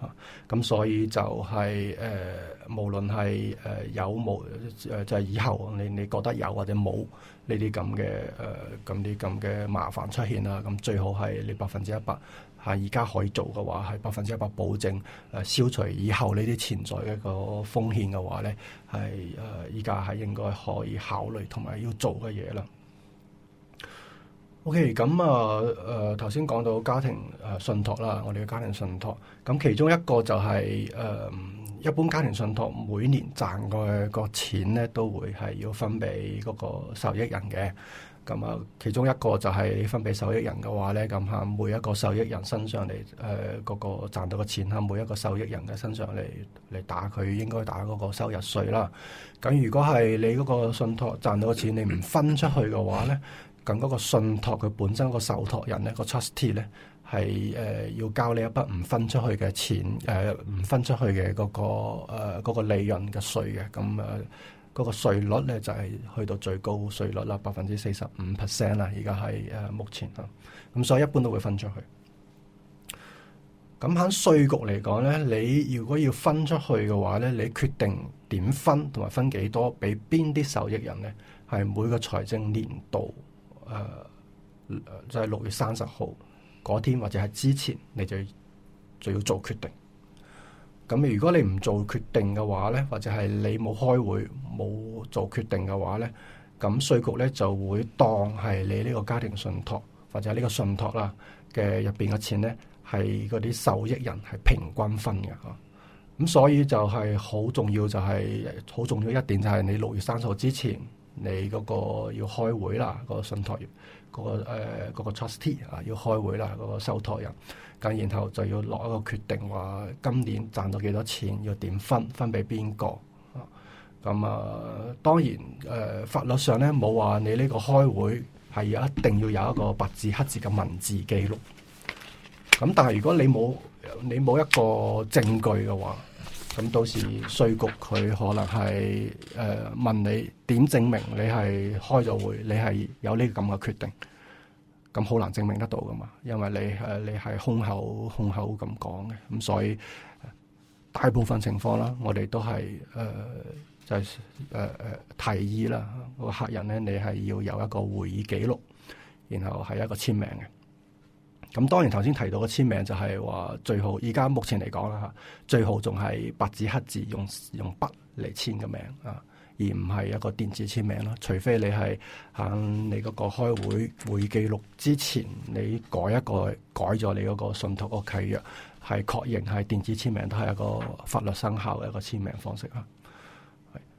咁所以就係、是、誒、呃，無論係誒、呃、有冇誒，就係、是、以後你你覺得有或者冇。呢啲咁嘅誒咁啲咁嘅麻煩出現啦，咁最好係你百分之一百，係而家可以做嘅話，係百分之一百保證誒、呃、消除以後呢啲潛、呃、在嘅個風險嘅話咧，係誒依家係應該可以考慮同埋要做嘅嘢啦。OK，咁啊誒頭先講到家庭誒、呃、信託啦，我哋嘅家庭信託，咁其中一個就係、是、誒。呃一般家庭信託每年賺嘅個錢咧，都會係要分俾嗰個受益人嘅。咁啊，其中一個就係你分俾受益人嘅話咧，咁嚇每一個受益人身上嚟誒嗰個賺到嘅錢嚇，每一個受益人嘅身上嚟嚟打佢應該打嗰個收入稅啦。咁如果係你嗰個信託賺到嘅錢，你唔分出去嘅話咧，咁、那、嗰個信託佢本身個受託人咧，那個 trustee 咧。係誒、呃、要交你一筆唔分出去嘅錢，誒、呃、唔分出去嘅嗰、嗰個誒、呃嗰個、利潤嘅稅嘅，咁誒嗰個稅率咧就係、係、去到最高稅率啦，百分之四十五 percent 啦，而家係誒目前啊，咁所以一般都會分出去。咁喺稅局嚟講咧，你如果要分出去嘅話咧，你決定點分同埋分幾多，俾邊啲受益人咧？係每個財政年度誒、呃，就係、係、六月三十號。嗰天或者係之前，你就就要做決定。咁如果你唔做決定嘅話呢，或者係你冇開會冇做決定嘅話呢，咁稅局呢就會當係你呢個家庭信託或者呢個信託啦嘅入邊嘅錢呢，係嗰啲受益人係平均分嘅。咁所以就係好重要、就係，就係好重要一點就係你六月三十號之前，你嗰個要開會啦，嗰個信託業嗰、嗰個誒嗰、呃嗰個 trustee 啊，要開會啦，嗰、嗰個受託人，咁、啊、然後就要落一個決定，話今年賺到幾多錢，要點分，分俾邊個？咁啊，啊，當然誒、呃、法律上咧冇話你呢個開會係一定要有一個白紙黑字嘅文字記錄。咁、啊、但係如果你冇你冇一個證據嘅話，咁到時稅局佢可能係誒、呃、問你點證明你係開咗會，你係有呢個咁嘅決定，咁好難證明得到㗎嘛？因為你誒、呃、你係空口空口咁講嘅，咁所以大部分情況啦，我哋都係誒、呃、就係誒誒提議啦，那個客人咧你係要有一個會議記錄，然後係一個簽名嘅。咁當然頭先提到個簽名就係話最好，而家目前嚟講啦吓，最好仲係白紙黑字用用筆嚟簽個名啊，而唔係一個電子簽名咯。除非你係喺你嗰個開會會記錄之前，你改一個改咗你嗰個信託個契約，係確認係電子簽名都係一個法律生效嘅一個簽名方式啦。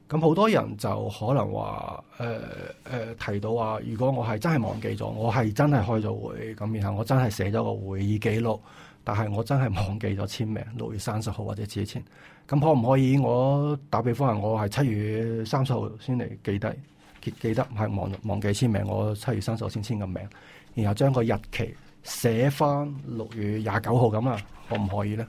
咁好多人就可能話誒誒提到話，如果我係真係忘記咗，我係真係開咗會，咁然後我真係寫咗個會議記錄，但係我真係忘記咗簽名。六月三十號或者之前，咁可唔可以我？我打比方係我係七月三十號先嚟記低，記記得係忘忘記簽名。我七月三十號先簽個名，然後將個日期寫翻六月廿九號咁啊，可唔可以咧？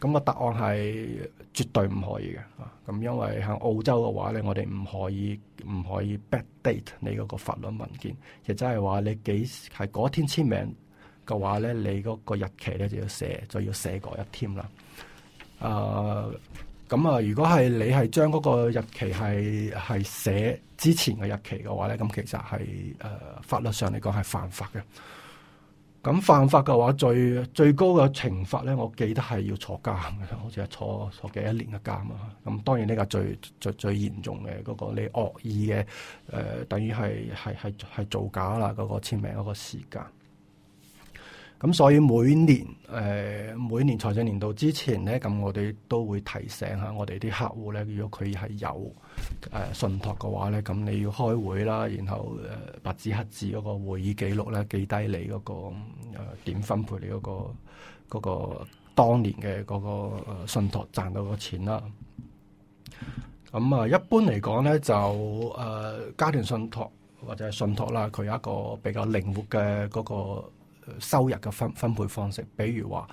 咁個答案係絕對唔可以嘅，啊！咁因為喺澳洲嘅話咧，我哋唔可以唔可以 back date 你嗰個法律文件，亦即係話你幾係嗰天簽名嘅話咧，你嗰個日期咧就要寫，就要寫嗰一天啦。啊，咁啊，如果係你係將嗰個日期係係寫之前嘅日期嘅話咧，咁其實係誒、啊、法律上嚟講係犯法嘅。咁犯法嘅話，最最高嘅懲罰咧，我記得係要坐監嘅，好似係坐坐幾一年嘅監啊！咁當然呢個最最最嚴重嘅嗰個你惡意嘅誒、呃，等於係係係係造假啦，嗰個簽名嗰個時間。咁所以每年誒、呃，每年財政年度之前咧，咁我哋都會提醒下我哋啲客戶咧，如果佢係有。誒，信託嘅話咧，咁你要開會啦，然後誒白紙黑字嗰個會議記錄咧，記低你嗰、嗰個誒、呃、點分配你嗰、嗰個嗰、嗰個當年嘅嗰個誒信託賺到個錢啦。咁、嗯、啊，一般嚟講咧就誒、呃、家庭信託或者係信託啦，佢有一個比較靈活嘅嗰個收入嘅分分配方式，比如話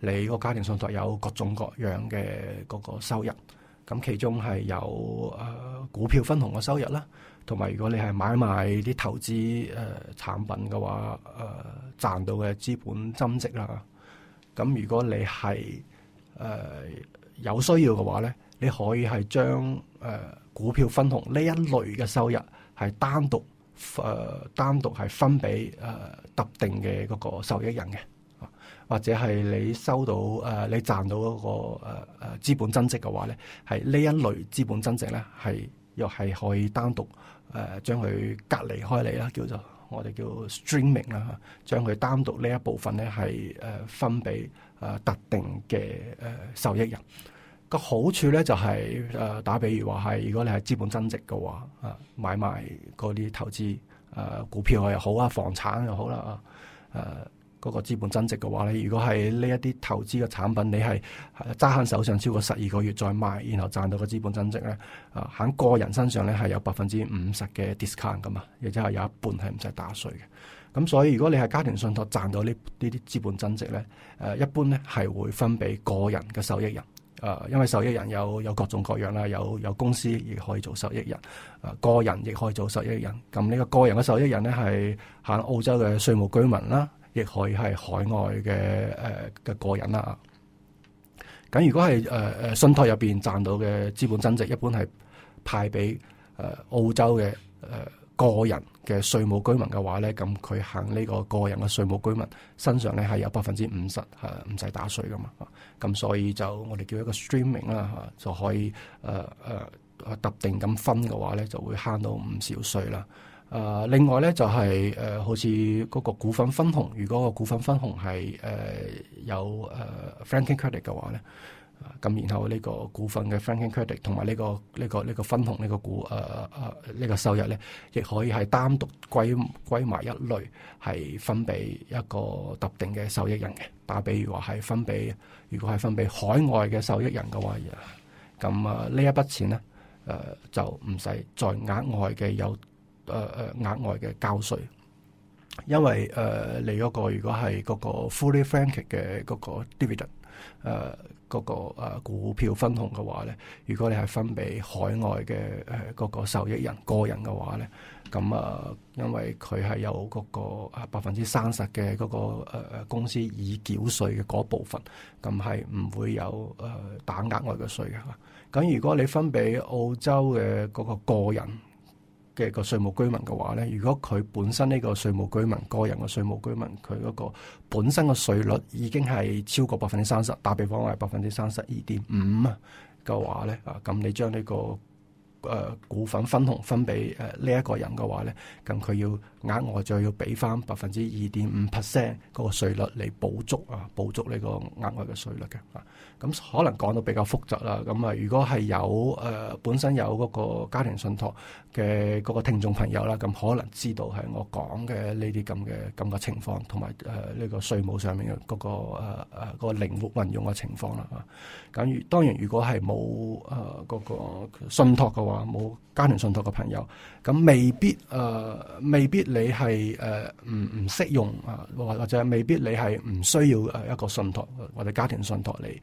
你個家庭信託有各種各樣嘅嗰個收入。咁其中係有誒、呃、股票分紅嘅收入啦，同埋如果你係買賣啲投資誒、呃、產品嘅話，誒、呃、賺到嘅資本增值啦。咁如果你係誒、呃、有需要嘅話咧，你可以係將誒、呃、股票分紅呢一類嘅收入係單獨誒、呃、單獨係分俾誒、呃、特定嘅嗰個受益人嘅。或者係你收到誒、呃、你賺到嗰、那個誒誒資本增值嘅話咧，係呢一類資本增值咧，係又係可以單獨誒、呃、將佢隔離開嚟啦，叫做我哋叫 streaming 啦、啊，將佢單獨呢一部分咧係誒分俾誒、呃、特定嘅誒、呃、受益人。個好處咧就係、是、誒、呃、打比如話係如果你係資本增值嘅話啊，買賣嗰啲投資誒、啊、股票又好啊，房產又好啦啊誒。啊啊啊啊啊啊啊嗰個資本增值嘅話咧，如果係呢一啲投資嘅產品，你係揸喺手上超過十二個月再賣，然後賺到個資本增值咧，啊、呃、喺個人身上咧係有百分之五十嘅 discount 噶嘛，亦即係有一半係唔使打稅嘅。咁所以如果你係家庭信託賺到呢呢啲資本增值咧，誒、呃、一般咧係會分俾個人嘅受益人。誒、呃，因為受益人有有各種各樣啦，有有公司亦可以做受益人，誒、呃、個人亦可以做受益人。咁、呃、呢個，個個人嘅受益人咧係喺澳洲嘅稅務居民啦。亦可以係海外嘅誒嘅個人啦，咁如果係誒誒信託入邊賺到嘅資本增值，一般係派俾誒、呃、澳洲嘅誒、呃、個人嘅稅務居民嘅話咧，咁佢行呢個個人嘅稅務居民身上咧係有百分之五十係唔使打稅噶嘛，咁所以就我哋叫一個 streaming 啦、啊，就可以誒誒、呃啊、特定咁分嘅話咧，就會慳到唔少稅啦。誒、呃、另外咧就係、是、誒、呃、好似嗰個股份分紅。如果個股份分紅係誒、呃、有誒、呃、franking credit 嘅話咧，咁、啊、然後呢個股份嘅 franking credit 同埋呢個呢、這個呢、這個分紅呢個股誒誒呢個收入咧，亦可以係單獨歸歸埋一類，係分俾一個特定嘅受益人嘅。打比如話係分俾，如果係分俾海外嘅受益人嘅話，咁啊一筆呢一筆錢咧誒就唔使再額外嘅有。誒誒、呃、額外嘅交稅，因為誒、呃、你嗰個如果係嗰個 fully franked 嘅嗰個 dividend，誒、呃、嗰、那個、呃、股票分紅嘅話咧，如果你係分俾海外嘅誒嗰個受益人個人嘅話咧，咁啊、呃，因為佢係有嗰個啊百分之三十嘅嗰個誒、呃、公司已繳稅嘅嗰部分，咁係唔會有誒、呃、打額外嘅稅嘅。咁如果你分俾澳洲嘅嗰個個人。嘅個稅務居民嘅話咧，如果佢本身呢個稅務居民個人嘅稅務居民，佢嗰個本身嘅稅率已經係超過百分之三十，打比方係百分之三十二點五啊嘅話咧，啊咁你將呢個誒股份分紅分俾誒呢一個人嘅話咧，咁佢要。額外仲要俾翻百分之二點五 percent 嗰個稅率嚟補足啊，補足呢個額外嘅稅率嘅啊。咁、嗯、可能講到比較複雜啦。咁、嗯、啊，如果係有誒、呃、本身有嗰個家庭信託嘅嗰個聽眾朋友啦，咁、嗯、可能知道係我講嘅呢啲咁嘅咁嘅情況，同埋誒呢個稅務上面嘅嗰、嗰個誒誒、呃嗰個靈活運用嘅情況啦。咁、啊、當然，如果係冇誒嗰個信託嘅話，冇。家庭信託嘅朋友，咁未必誒、呃、未必你係誒唔唔適用啊，或或者未必你係唔需要誒一個信託或者家庭信託嚟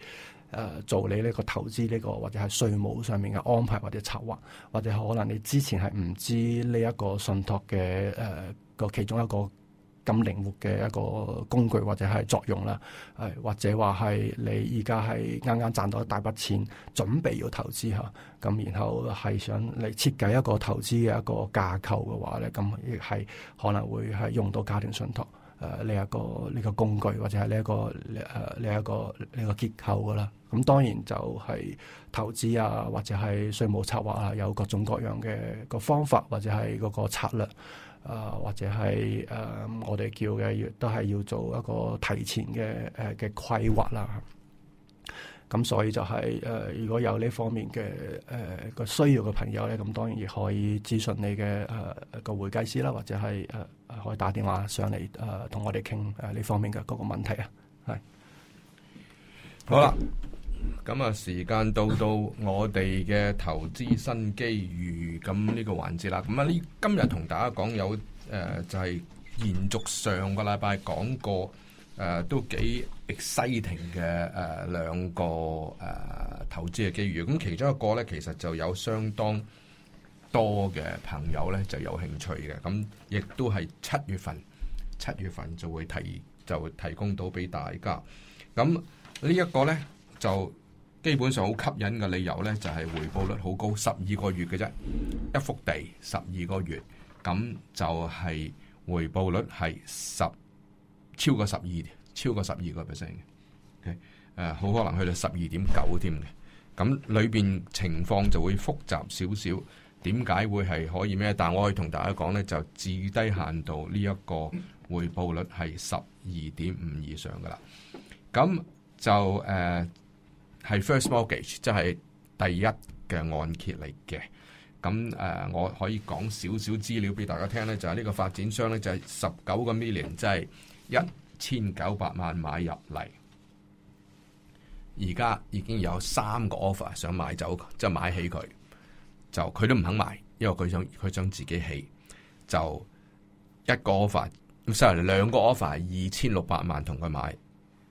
誒做你呢個投資呢、這個或者係稅務上面嘅安排或者策劃，或者可能你之前係唔知呢一個信託嘅誒個其中一個。咁靈活嘅一個工具或者係作用啦，誒或者話係你而家係啱啱賺到一大筆錢，準備要投資嚇，咁然後係想嚟設計一個投資嘅一個架構嘅話咧，咁亦係可能會係用到家庭信託誒呢一個呢個工具或者係呢一個誒呢一個呢個結構噶啦。咁當然就係投資啊，或者係稅務策劃啊，有各種各樣嘅個方法或者係嗰個策略。誒，或者係誒、呃，我哋叫嘅，亦都係要做一個提前嘅誒嘅規劃啦。咁所以就係、是、誒、呃，如果有呢方面嘅誒個需要嘅朋友咧，咁當然亦可以諮詢你嘅誒、呃、個會計師啦，或者係誒、呃、可以打電話上嚟誒同我哋傾誒呢方面嘅嗰個問題啊。係好啦。咁啊，時間到到我哋嘅投資新機遇咁呢個環節啦。咁啊，呢今日同大家講有誒，就係延續上個禮拜講過誒，都幾 exciting 嘅誒兩個誒投資嘅機遇。咁其中一個咧，其實就有相當多嘅朋友咧就有興趣嘅。咁亦都係七月份，七月份就會提就提供到俾大家。咁呢一個咧。就基本上好吸引嘅理由呢，就係、是、回報率好高，十二個月嘅啫，一幅地十二個月，咁就係回報率係十超過十二，超過十二個 percent 嘅，誒、okay? 啊，好可能去到十二點九添嘅，咁裏邊情況就會複雜少少，點解會係可以咩？但我可以同大家講呢，就至低限度呢一個回報率係十二點五以上噶啦，咁就誒。呃係 first mortgage，即係第一嘅按揭嚟嘅。咁誒、呃，我可以講少少資料俾大家聽咧，就係、是、呢個發展商咧，就係十九個 million，即係一千九百萬買入嚟。而家已經有三個 offer 想買走，即、就、係、是、買起佢，就佢都唔肯賣，因為佢想佢想自己起。就一個 offer 收嚟兩個 offer，二千六百萬同佢買，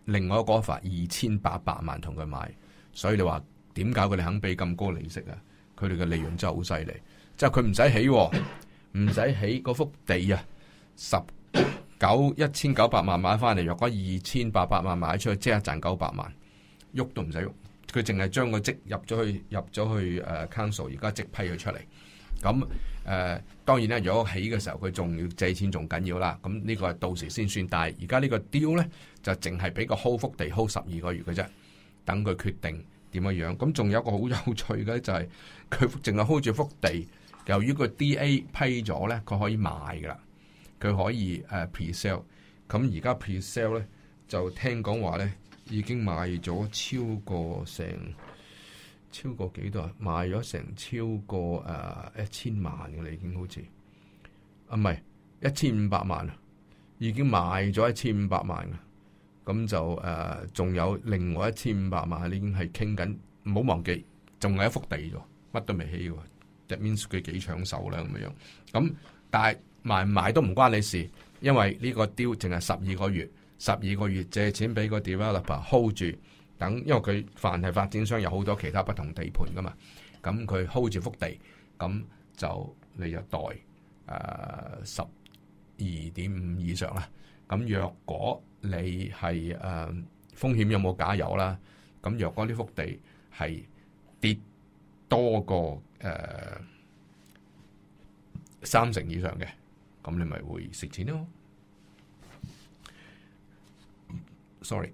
另外一個 offer 二千八百萬同佢買。所以你話點解佢哋肯俾咁高利息利、就是、啊？佢哋嘅利潤真係好犀利，即係佢唔使起，唔使起嗰幅地啊，十九一千九百萬買翻嚟，若果二千八百萬買出去，即刻賺九百萬，喐都唔使喐。佢淨係將個積入咗去，入咗去誒 council，而家即批佢出嚟。咁誒、呃、當然啦，如果起嘅時候佢仲要借錢仲緊要啦。咁呢個係到時先算，但係而家呢個 deal 咧就淨係俾個 hold 幅地 hold 十二個月嘅啫。等佢決定點樣樣，咁仲有一個好有趣嘅就係佢淨係 hold 住幅地，由於個 DA 批咗咧，佢可以賣噶啦，佢可以誒 pre sell。咁而家 pre sell 咧就聽講話咧已經賣咗超過成超過幾多啊？賣咗成超過誒一千萬嘅啦，呃、1, 000 000已經好似啊，唔係一千五百萬啊，已經賣咗一千五百萬嘅。咁就誒，仲、呃、有另外一千五百萬，已經係傾緊，唔好忘記，仲係一幅地喎，乜都未起喎，入面佢幾搶手咧、啊、咁樣。咁但係賣唔賣都唔關你事，因為呢個 deal 淨係十二個月，十二個月借錢俾個 developer hold 住，等，因為佢凡係發展商有好多其他不同地盤噶嘛，咁佢 hold 住幅地，咁就你就袋誒十二點五以上啦。咁、嗯、若果你係誒、嗯、風險有冇假有啦？咁、嗯、若果呢幅地係跌多過誒、呃、三成以上嘅，咁、嗯、你咪會蝕錢咯。Sorry，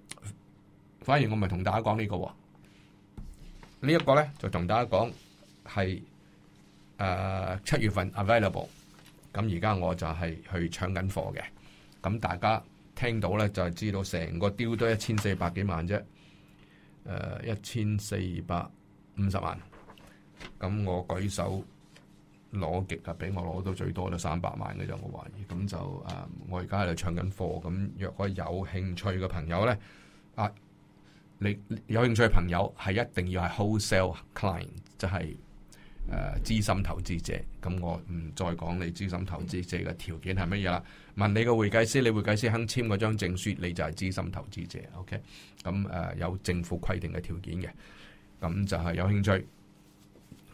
反而我咪同大家講、啊這個、呢個喎，呢一個咧就同大家講係誒七月份 available，咁而家我就係去搶緊貨嘅。咁大家聽到咧就係知道成個 deal 都一千四百幾萬啫，誒一千四百五十萬。咁我舉手攞極啊，俾我攞到最多都三百萬嘅啫。我懷疑。咁就誒，uh, 我而家喺度唱緊貨。咁若果有興趣嘅朋友咧，啊、uh,，你有興趣嘅朋友係一定要係 wholesale client，就係、是，誒，資深投資者，咁我唔再講你資深投資者嘅條件係乜嘢啦。問你個會計師，你會計師肯簽嗰張證書，你就係資深投資者。OK，咁誒有政府規定嘅條件嘅，咁就係有興趣。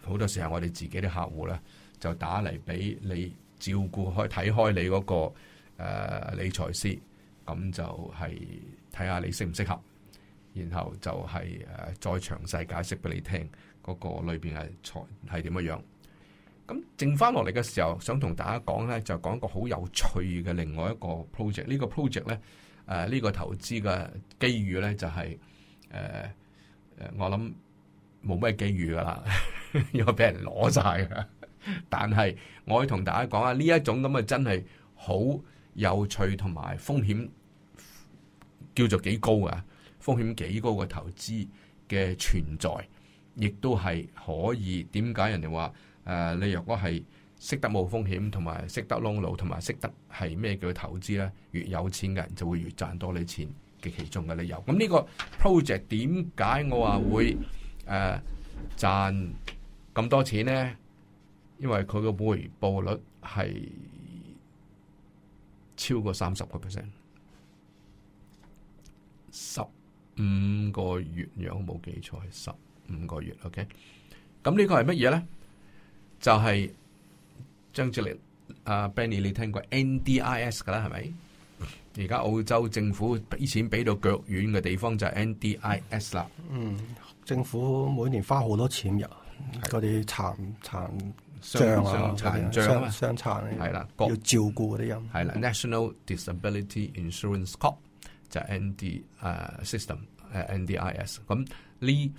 好多時候我哋自己啲客戶咧，就打嚟俾你照顧開睇開你嗰個誒理財師，咁就係睇下你適唔適合，然後就係誒再詳細解釋俾你聽。嗰個裏邊係財係點樣？咁剩翻落嚟嘅時候，想同大家講咧，就講一個好有趣嘅另外一個 project pro。呢個 project 咧，誒、這、呢個投資嘅機遇咧，就係誒誒，我諗冇咩機遇噶啦，因為 俾人攞晒曬。但係我要同大家講下，呢一種咁嘅真係好有趣同埋風險，叫做幾高啊！風險幾高嘅投資嘅存在。亦都係可以點解人哋話誒，你若果係識得冇風險，同埋識得窿路，同埋識得係咩叫投資咧？越有錢嘅人就會越賺多你錢嘅其中嘅理由。咁呢個 project 點解我話會誒、呃、賺咁多錢咧？因為佢嘅回報率係超過三十個 percent，十五個月樣我冇記錯係十五個月，OK。咁呢個係乜嘢咧？就係、是、張志力啊，Benny，你聽過 NDIS 噶啦，係咪？而家澳洲政府俾錢俾到腳軟嘅地方就係 NDIS 啦。嗯，政府每年花好多錢入，嗰啲是殘殘障啊、殘障、傷殘係啦、啊，要照顧嗰啲人係啦，啦。National Disability Insurance Cop 就 ND 啊 system，NDIS 咁呢？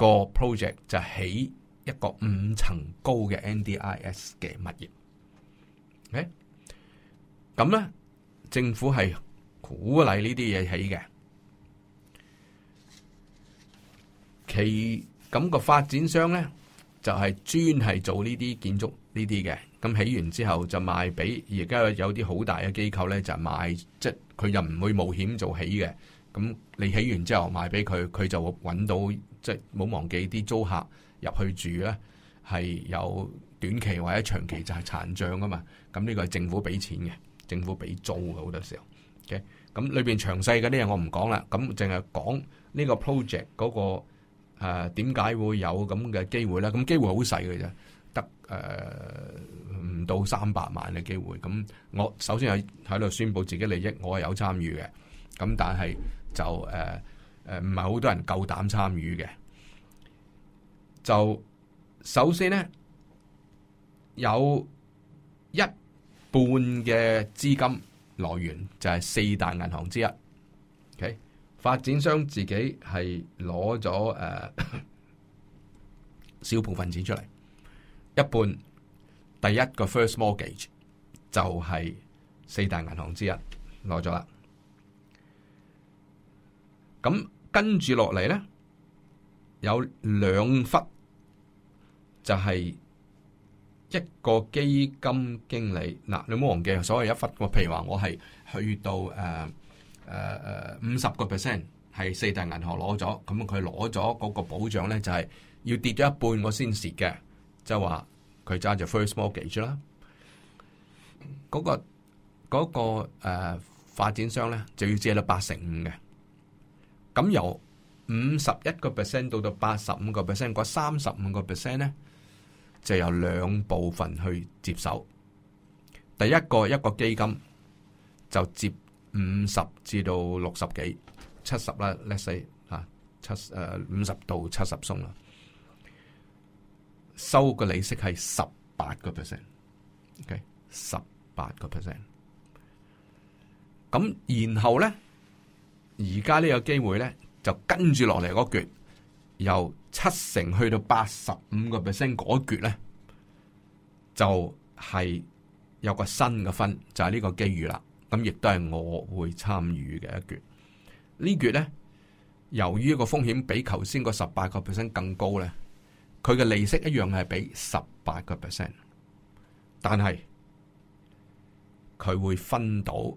個 project 就起一個五層高嘅 NDIS 嘅物業，誒、okay？咁呢政府係鼓勵呢啲嘢起嘅，其咁個發展商呢，就係專係做呢啲建築呢啲嘅，咁起完之後就賣俾而家有啲好大嘅機構呢，就是、賣，即佢又唔會冒險做起嘅。咁你起完之後賣俾佢，佢就會揾到，即係冇忘記啲租客入去住咧，係有短期或者長期就係殘障啊嘛。咁呢個係政府俾錢嘅，政府俾租嘅好多時候。OK，咁裏邊詳細嘅啲嘢我唔講啦。咁淨係講呢個 project 嗰個誒點解會有咁嘅機會咧？咁機會好細嘅啫，得誒唔到三百萬嘅機會。咁我首先係喺度宣佈自己利益，我係有參與嘅。咁但係，就誒誒唔係好多人夠膽參與嘅，就首先咧有一半嘅資金來源就係四大銀行之一，OK 發展商自己係攞咗誒小部分錢出嚟，一半第一個 first mortgage 就係四大銀行之一攞咗啦。咁跟住落嚟咧，有兩忽就係、是、一個基金經理嗱、啊，你冇忘記，所謂一忽喎，譬如話我係去到誒誒誒五十個 percent 係四大銀行攞咗，咁佢攞咗嗰個保障咧，就係、是、要跌咗一半我先蝕嘅，即係話佢揸住 first mortgage 啦、那個，嗰、那個嗰個、呃、發展商咧就要借到八成五嘅。咁由五十一個 percent 到到八十五個 percent，嗰三十五個 percent 咧，就有兩部分去接手。第一個一個基金就接五十至 say, 到六十幾、七十啦，let's，t 啊，七誒五十到七十鬆啦，收嘅利息係十八個 percent，ok，十八個 percent。咁、okay? 然後咧。而家呢個機會咧，就跟住落嚟嗰橛，由七成去到八十五個 percent 嗰橛咧，就係、是、有個新嘅分，就係、是、呢個機遇啦。咁亦都係我會參與嘅一橛。一呢橛咧，由於個風險比頭先個十八個 percent 更高咧，佢嘅利息一樣係畀十八個 percent，但係佢會分到。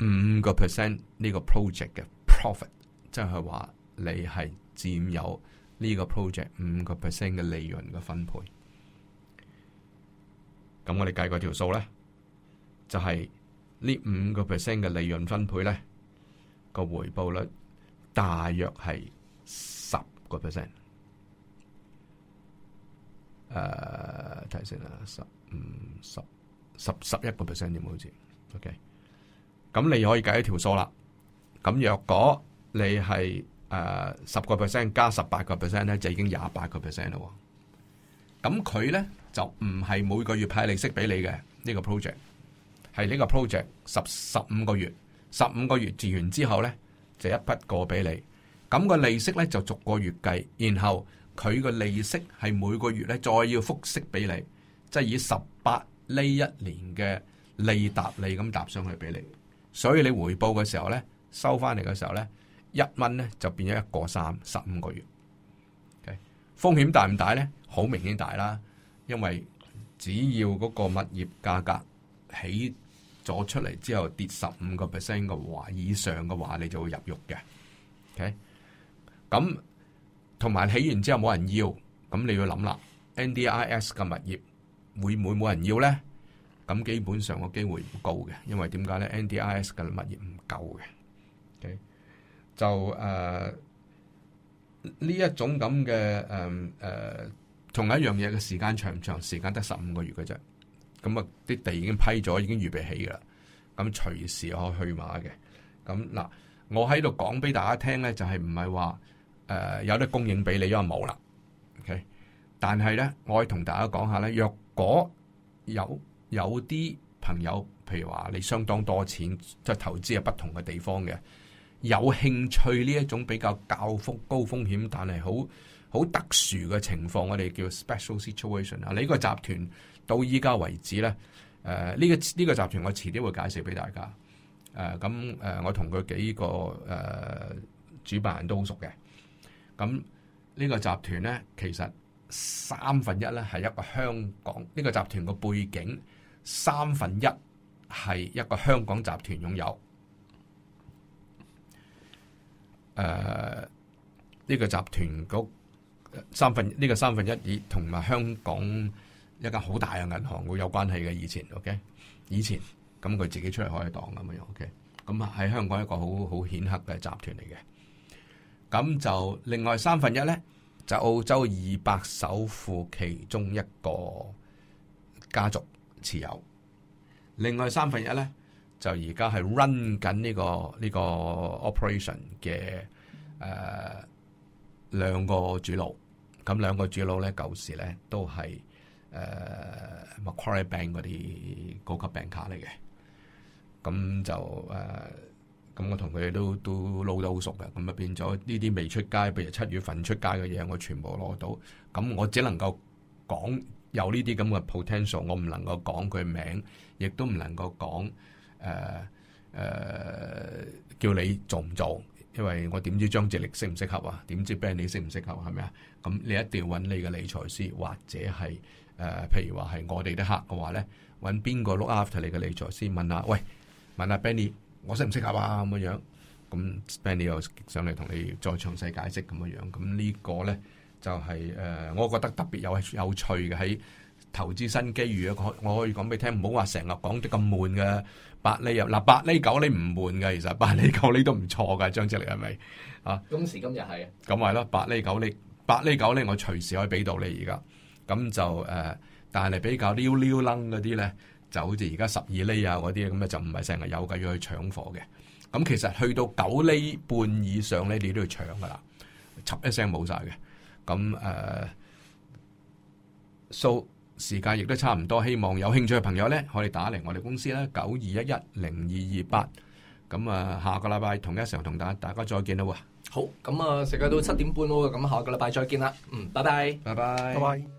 五個 percent 呢個 project 嘅 profit，即係話你係佔有呢個 project 五個 percent 嘅利潤嘅分配。咁我哋計過條數咧，就係呢五個 percent 嘅利潤分配咧，個回報率大約係十個 percent。誒，睇先啦，十五、十、十、十一個 percent 點好似，ok。咁你可以計一條數啦。咁若果你係誒十個 percent 加十八個 percent 咧，就已經廿八個 percent 咯。咁佢咧就唔係每個月派利息俾你嘅呢、呢個 project，係呢個 project 十十五個月，十五個月治完之後咧就一筆過俾你。咁個利息咧就逐個月計，然後佢個利息係每個月咧再要複息俾你，即、就、係、是、以十八呢一年嘅利搭利咁搭上去俾你。所以你回報嘅時候咧，收翻嚟嘅時候咧，一蚊咧就變咗一個三十五個月。Okay? 風險大唔大咧？好明顯大啦，因為只要嗰個物業價格起咗出嚟之後跌十五個 percent 嘅話，以上嘅話你就會入獄嘅。Okay? 咁同埋起完之後冇人要，咁你要諗啦，NDIS 嘅物業會唔會冇人要咧？咁基本上個機會唔高嘅，因為點解咧？NDIS 嘅物業唔夠嘅，OK? 就誒呢、呃、一種咁嘅誒誒同一樣嘢嘅時間長唔長？時間得十五個月嘅啫。咁啊，啲地已經批咗，已經預備起噶啦。咁隨時可以去馬嘅。咁嗱，我喺度講俾大家聽咧，就係唔係話誒有得供應俾你，因為冇啦。OK，但係咧，我可以同大家講下咧，若果有。有啲朋友，譬如話你相當多錢，即係投資喺不同嘅地方嘅，有興趣呢一種比較高風高風險，但係好好特殊嘅情況，我哋叫 special situation 啊。你個集團到依家為止呢，誒、呃、呢、這個呢、這個集團我遲啲會介紹俾大家。誒咁誒，我同佢幾個誒、呃、主辦人都好熟嘅。咁、嗯、呢、這個集團呢，其實三分一呢係一個香港呢、這個集團嘅背景。三分一係一個香港集團擁有，誒、呃，呢、這個集團局三分呢、這個三分一以同埋香港一間好大嘅銀行會有關係嘅以前，OK，以前咁佢自己出嚟開檔咁樣，OK，咁啊喺香港一個好好顯赫嘅集團嚟嘅，咁就另外三分一咧就澳洲二百首富其中一個家族，持有，另外三分一咧就而家係 run 緊呢個呢、這個 operation 嘅誒兩個主腦，咁兩個主腦咧舊時咧都係誒、呃、Macquarie Bank 嗰啲高級病卡嚟嘅，咁就誒咁、呃、我同佢哋都都撈得好熟嘅，咁啊變咗呢啲未出街，譬如七月份出街嘅嘢，我全部攞到，咁我只能夠講。有呢啲咁嘅 potential，我唔能夠講佢名，亦都唔能夠講誒誒，叫你做唔做？因為我點知張智力適唔適合啊？點知 Benny 適唔適合？係咪啊？咁你一定要揾你嘅理財師，或者係誒、呃，譬如話係我哋啲客嘅話咧，揾邊個 look after 你嘅理財師？問下喂，問下 Benny，我適唔適合啊？咁樣樣，咁 Benny 又上嚟同你再詳細解釋咁樣樣。咁呢個咧？就係、是、誒、呃，我覺得特別有有趣嘅喺投資新機遇啊！我可以講俾你聽，唔好話成日講啲咁悶嘅八釐又嗱八釐九釐唔悶嘅，其實八釐九釐都唔錯嘅。張之力係咪啊？今時今日係啊，咁咪咯，八釐九釐，八釐九釐，厘厘我隨時可以俾到你而家。咁就誒、呃，但係比較溜溜楞嗰啲咧，就好似而家十二厘啊嗰啲咁咧，樣就唔係成日有嘅，要去搶貨嘅。咁其實去到九厘半以上咧，你都要搶噶啦，插一聲冇晒嘅。咁誒，數時間亦都差唔多，希望有興趣嘅朋友咧可以打嚟我哋公司啦，九二一一零二二八。咁啊，下個禮拜同一時候同大家再見啦。好，咁啊，食到七點半咯。咁下個禮拜再見啦。嗯，拜拜，拜拜，拜拜。